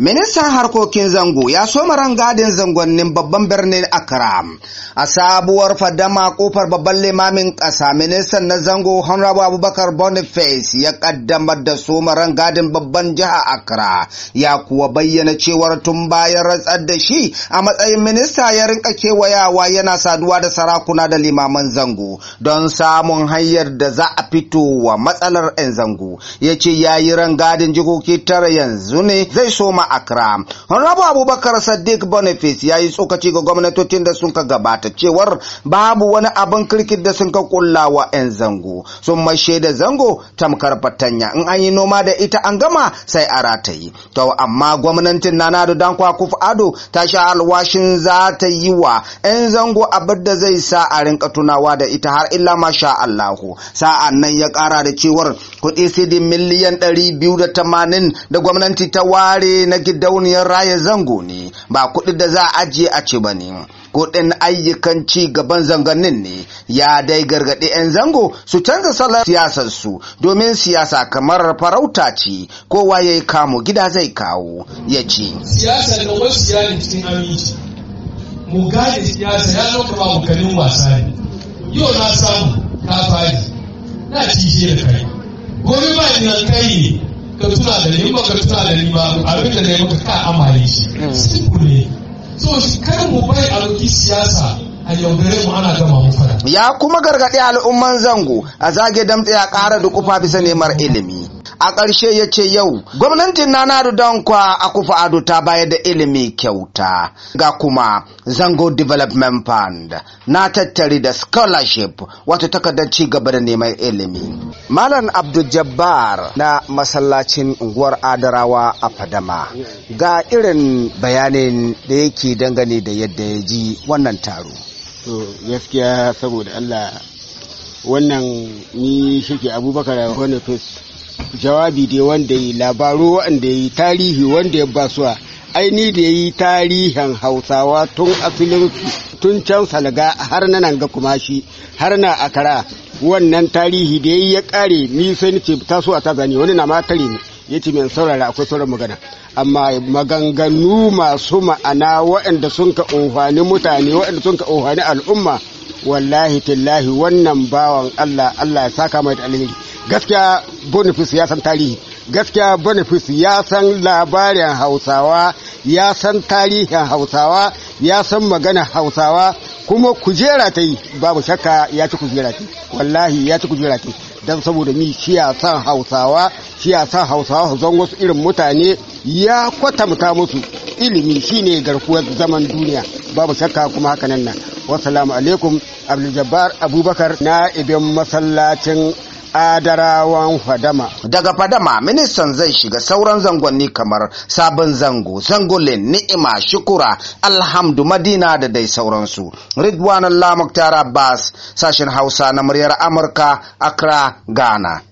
Ministan harkokin zango ya soma rangadin zangonnin babban birnin Accra. A sabuwar fadama kofar babban limamin ƙasa ministan na zango Honorable Abubakar Boniface ya ƙaddamar da soma rangadin babban jiha Accra. Ya kuwa bayyana cewar tun bayan ratsar da shi a matsayin minista ya rinka kewayawa yana saduwa da sarakuna da limaman zango don samun hanyar da za a fito wa matsalar 'yan zango. Ya ce ya yi rangadin jihohi tara yanzu ne zai soma Accra. Honorable Abubakar Sadiq Boniface ya yi tsokaci ga gwamnatocin da sun ka gabata cewar babu wani abin kirkit da sun ka kulla wa 'yan zango. Sun mashe da zango tamkar fatanya in an yi noma da ita an gama sai a ratayi. To amma gwamnatin Nana da Dankwa Kufu Ado ta sha alwashin za ta yi wa 'yan zango abin da zai sa a rinka tunawa da ita har illa masha Allahu. Sa'an nan ya ƙara da cewar kuɗi sidi miliyan ɗari biyu da tamanin da gwamnati ta ware na gidauniyar raya zango ne ba kuɗi da za a ajiye a ce ba ne kuɗin ayyukan ci gaban zanganin ne ya dai gargaɗi 'yan zango su canza salon siyasarsu domin siyasa kamar farauta ce kowa ya yi kamo gida zai kawo ya ce siyasa da wasu yanin cikin aminci mu gane siyasa ya zo kama mukanin wasa ne yau na samu ta fadi na cije da kai gobe ba nan kai ne ka tuna da ni ba ka tuna da ni ba abin da na yi maka ka amare shi hmm. simple ne so shi kar mu bai a siyasa Ya kuma gargaɗi al'umman zango a zage damtse a kara da kufa bisa neman ilimi. a ƙarshe ya ce yau gwamnatin kwa a kufa ado ta bayar da ilimi kyauta ga kuma zango development fund na tattari da scholarship wato takardar ci gaba da neman ilimi malam abdul jabbar na masallacin unguwar adarawa a fadama ga irin bayanin da yake dangane da yadda ya ji wannan taro to gaskiya saboda allah wannan ni shi ke abubakar wani fes jawabi da wanda yi labaru wanda yi tarihi wanda ya basuwa aini da yi tarihin hausawa tun asalin tun can salga har na nan ga kumashi har na akara wannan tarihi da ya kare ni sai ni ce taso a ta zane wani na ma ne ya ce min saurara akwai sauran magana amma maganganu masu ma'ana waɗanda sun ka umfani mutane waɗanda sun ka umfani al'umma wallahi tillahi wannan bawan Allah Allah ya saka mai da alheri gaskiya boniface ya san tarihi gaskiya boniface ya san labarin hausawa ya san tarihin hausawa ya san magana hausawa kuma kujera ta yi babu shakka ya ci kujera ta wallahi ya ci kujera ta don saboda mi shi ya san hausawa shi ya san hausawa zan wasu irin mutane ya kwatanta musu ilimi shine garkuwar zaman duniya babu shakka kuma haka nan nan wasu alaikum abdul jabbar abubakar na ibin masallacin adarawan fadama. Daga fadama ministan zai shiga sauran zangonni kamar sabon zango, zangolin, ni'ima, shukura, alhamdu, madina da dai sauransu. Ridwan Allah Muktar sashen Hausa na muryar Amurka, Accra, Ghana.